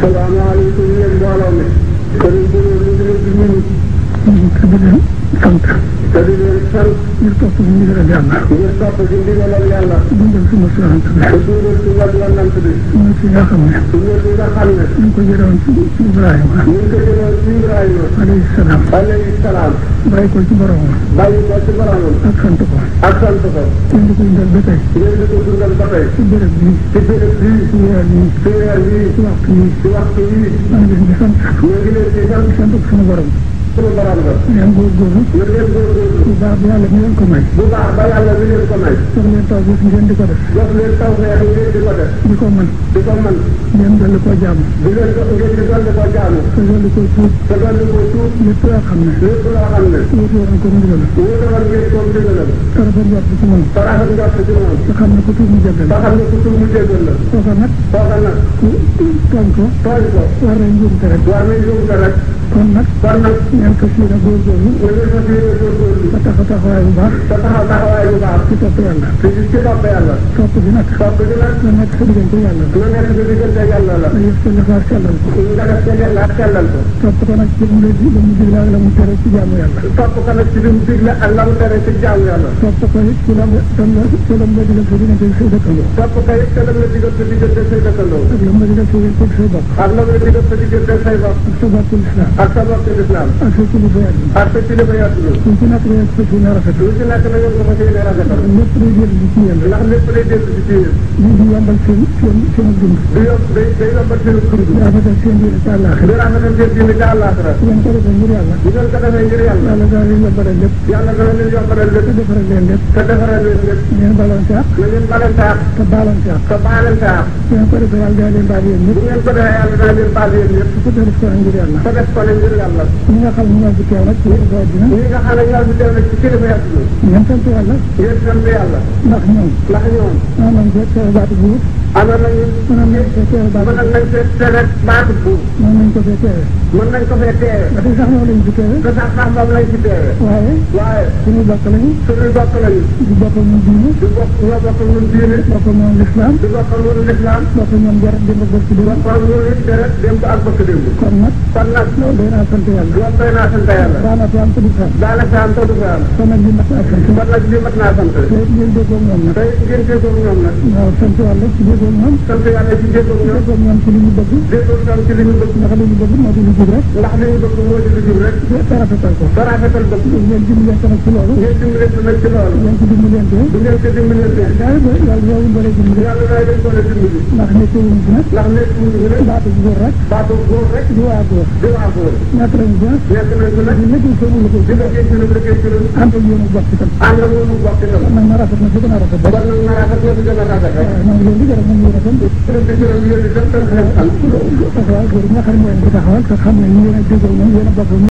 salaamaaleykum yéen mbooloo mi. kon ñu ngi leen di nuyu sa bëgg sant. sa bëgg sant. ngir topp ci ndigalal yàlla. ngir topp ci ndigalal yàlla. dundal suma yonent bi. dundal suma yonent bi. suñu si nga xam ne. suñu si nga xam ne. ñu ngi ko jëlee woon ci Ibrahima. ñu ngi ko jëlee woon ci Ibrahima. alayhi salaam. alayhi salaam. bàyyi ko ci boromam. bàyyi ko ci boromam. ak sant ko. ak sant ko. ngeen di ko dundal ba tey. ngeen di ko dundal ba tey. ci béréb bii. ci béréb bii. ci weer bii. ci weer bii. ci waxtu bii. ci waxtu bii. maa ngi leen di sant. maa ngi leen di sant. sant ko suñu borom. suñu borom la. ngeen góorgóorlu. ngeen góorgóorlu. bu baax ba yàlla mi leen ko may. bu baax ba yàlla mi leen ko may. jox leen taw bi ngeen di ko def. jox leen taw bi ngeen di ko def. di ko mën. di ko mën. ngeen dolli koo jaamu. di leen jox ngeen di dolli koo jaamu. te dolli koo tuub. te dolli koo tuub. lépp loo xam ne. lépp loo xam ne. wuute woon ko ndigal la. wuute woon ngeen ko ndigal la. tarafat njort ci moom. tarafat njort ci moom. te xam ne ku tuub mu jéggal la. te xam ne ku tuub mu jéggal la. kooka nag. kooka nag. ku tooñ ko. tooñ ko. war nañ njuumte rek. war nañ njuumte rek. kon nag. kon nag. ñaan fas yéene góorgóorlu. ñaan fas yéene ci topp yàlla. ci ci topp yàlla. topp bi nag. topp bi nag. lu nekk sa diggante yàlla. lu nekk sa diggante yàlla la. nga def sa defaat sellal ko. nga def sa defaat sellal ko. topp ko nag ci li mu la la mu digle ak la mu tere ci jaamu yàlla. topp ko nag ci li mu digle ak la mu tere ci jaamu yàlla. topp ko it ci la mu la ci la mu la digal sa diggante say dëkkandoo. topp ko it ci la mu la digal sa diggante say dëkkandoo. ak la mu la digal sa diggante say bopp. ak la mu la digal sa diggante say bopp. ak sa bopp lislaam. ak sa bopp lislaam. ak sa kilifa yàlla. ak sa kilifa yàlla. lu ci nekk na yëg ko ci ne rafet. lu ci nekk na yëg ko ci ne rafet lépp day dellu ci yéen ndax lépp day dellu ci yéen lii di yombal seen seen seen dund du yomb day day yombal seen dund di rafetal seen diine ci àllaaxira di rafetal seen diine ci àllaaxira bu ngeen ko defee ngir yàlla bu ngeen ko defee ngir yàlla yàlla dana leen yombalal lépp yàlla dana leen yombalal lépp te defaral leen lépp te defaral leen lépp ngeen balante ak na ngeen balante ak te baalante ak te baalante ak bu ngeen ko defee yàlla dana leen baal yéen ñëpp bu ngeen ko defee yàlla dana leen baal yéen ñëpp te def ko ngir yàlla te def ko ngir yàlla ñi nga xam ne ñoo fi teew nag ci ñi nga xam ne ñoo fi teew nag ci kilifa yàlla sant yàlla. ndax ñoom. ndax ñoom. maanaam bépp seen baatu bi. ana nañu. mënoon nañ ko teewe baatu. mënoon nañ ko teewe baatu buur. mën nañ ko fee teewe. mën nañ ko fee teewe. ba tey sax moom lañ fi teewe. ba sax sax moom lañ fi teewe. waaye. waaye suñu bokk lañu. suñu bokk lañu. di bokk ñun diine. di bokk ñoo bokk ñun diine. bokk ñoom lislaam. di bokk ñun lislaam. bokk ñoom deret démb ak bëkk démb. bokk ñun it deret démb ak bëkk démb. kon nag. kon nag loolu doy naa sant yàlla. loolu doy naa sant yàlla. daanaka am te du fa am. daanaka am te du fa am. kon nag li mat naa sant. kon nag li mat naa sant. tey ngeen déggoo ñoom nag. tey ngeen déggoo ñoom nag. waaw sant yàlla ak ñoom sant yàlla ci déggoo ak ñoom déggoo ak ñoom ci li ñu bëgg déggoo ak ñoom ci li ñu bëgg ndax li ñu bëgg moo di lu jub rek ndax li ñu bëgg moo di lu jub rek tarafetal ko tarafetal ko ngeen dimbali leen nag ci loolu ngeen dimbali leen nag ci loolu ngeen ci dimbali leen bu ngeen ko dimbali leen yàlla yàlla boole dimbali yàlla naa leen boole dimbali ndax nekk wuñ fi nag ndax nekk wuñ fi nag baatu góor rek baatu góor rek di waa góor di waa góor nekk nañ fi nag nekk nañ fi nag ñu nekk ci lu ko di la ci lu ko ci lu ànd ak yoonu bokk ci tam ànd ak yoonu bokk ci tam nag na rafet na fi gën a rafet nag na rafet na fi gën a rafet xam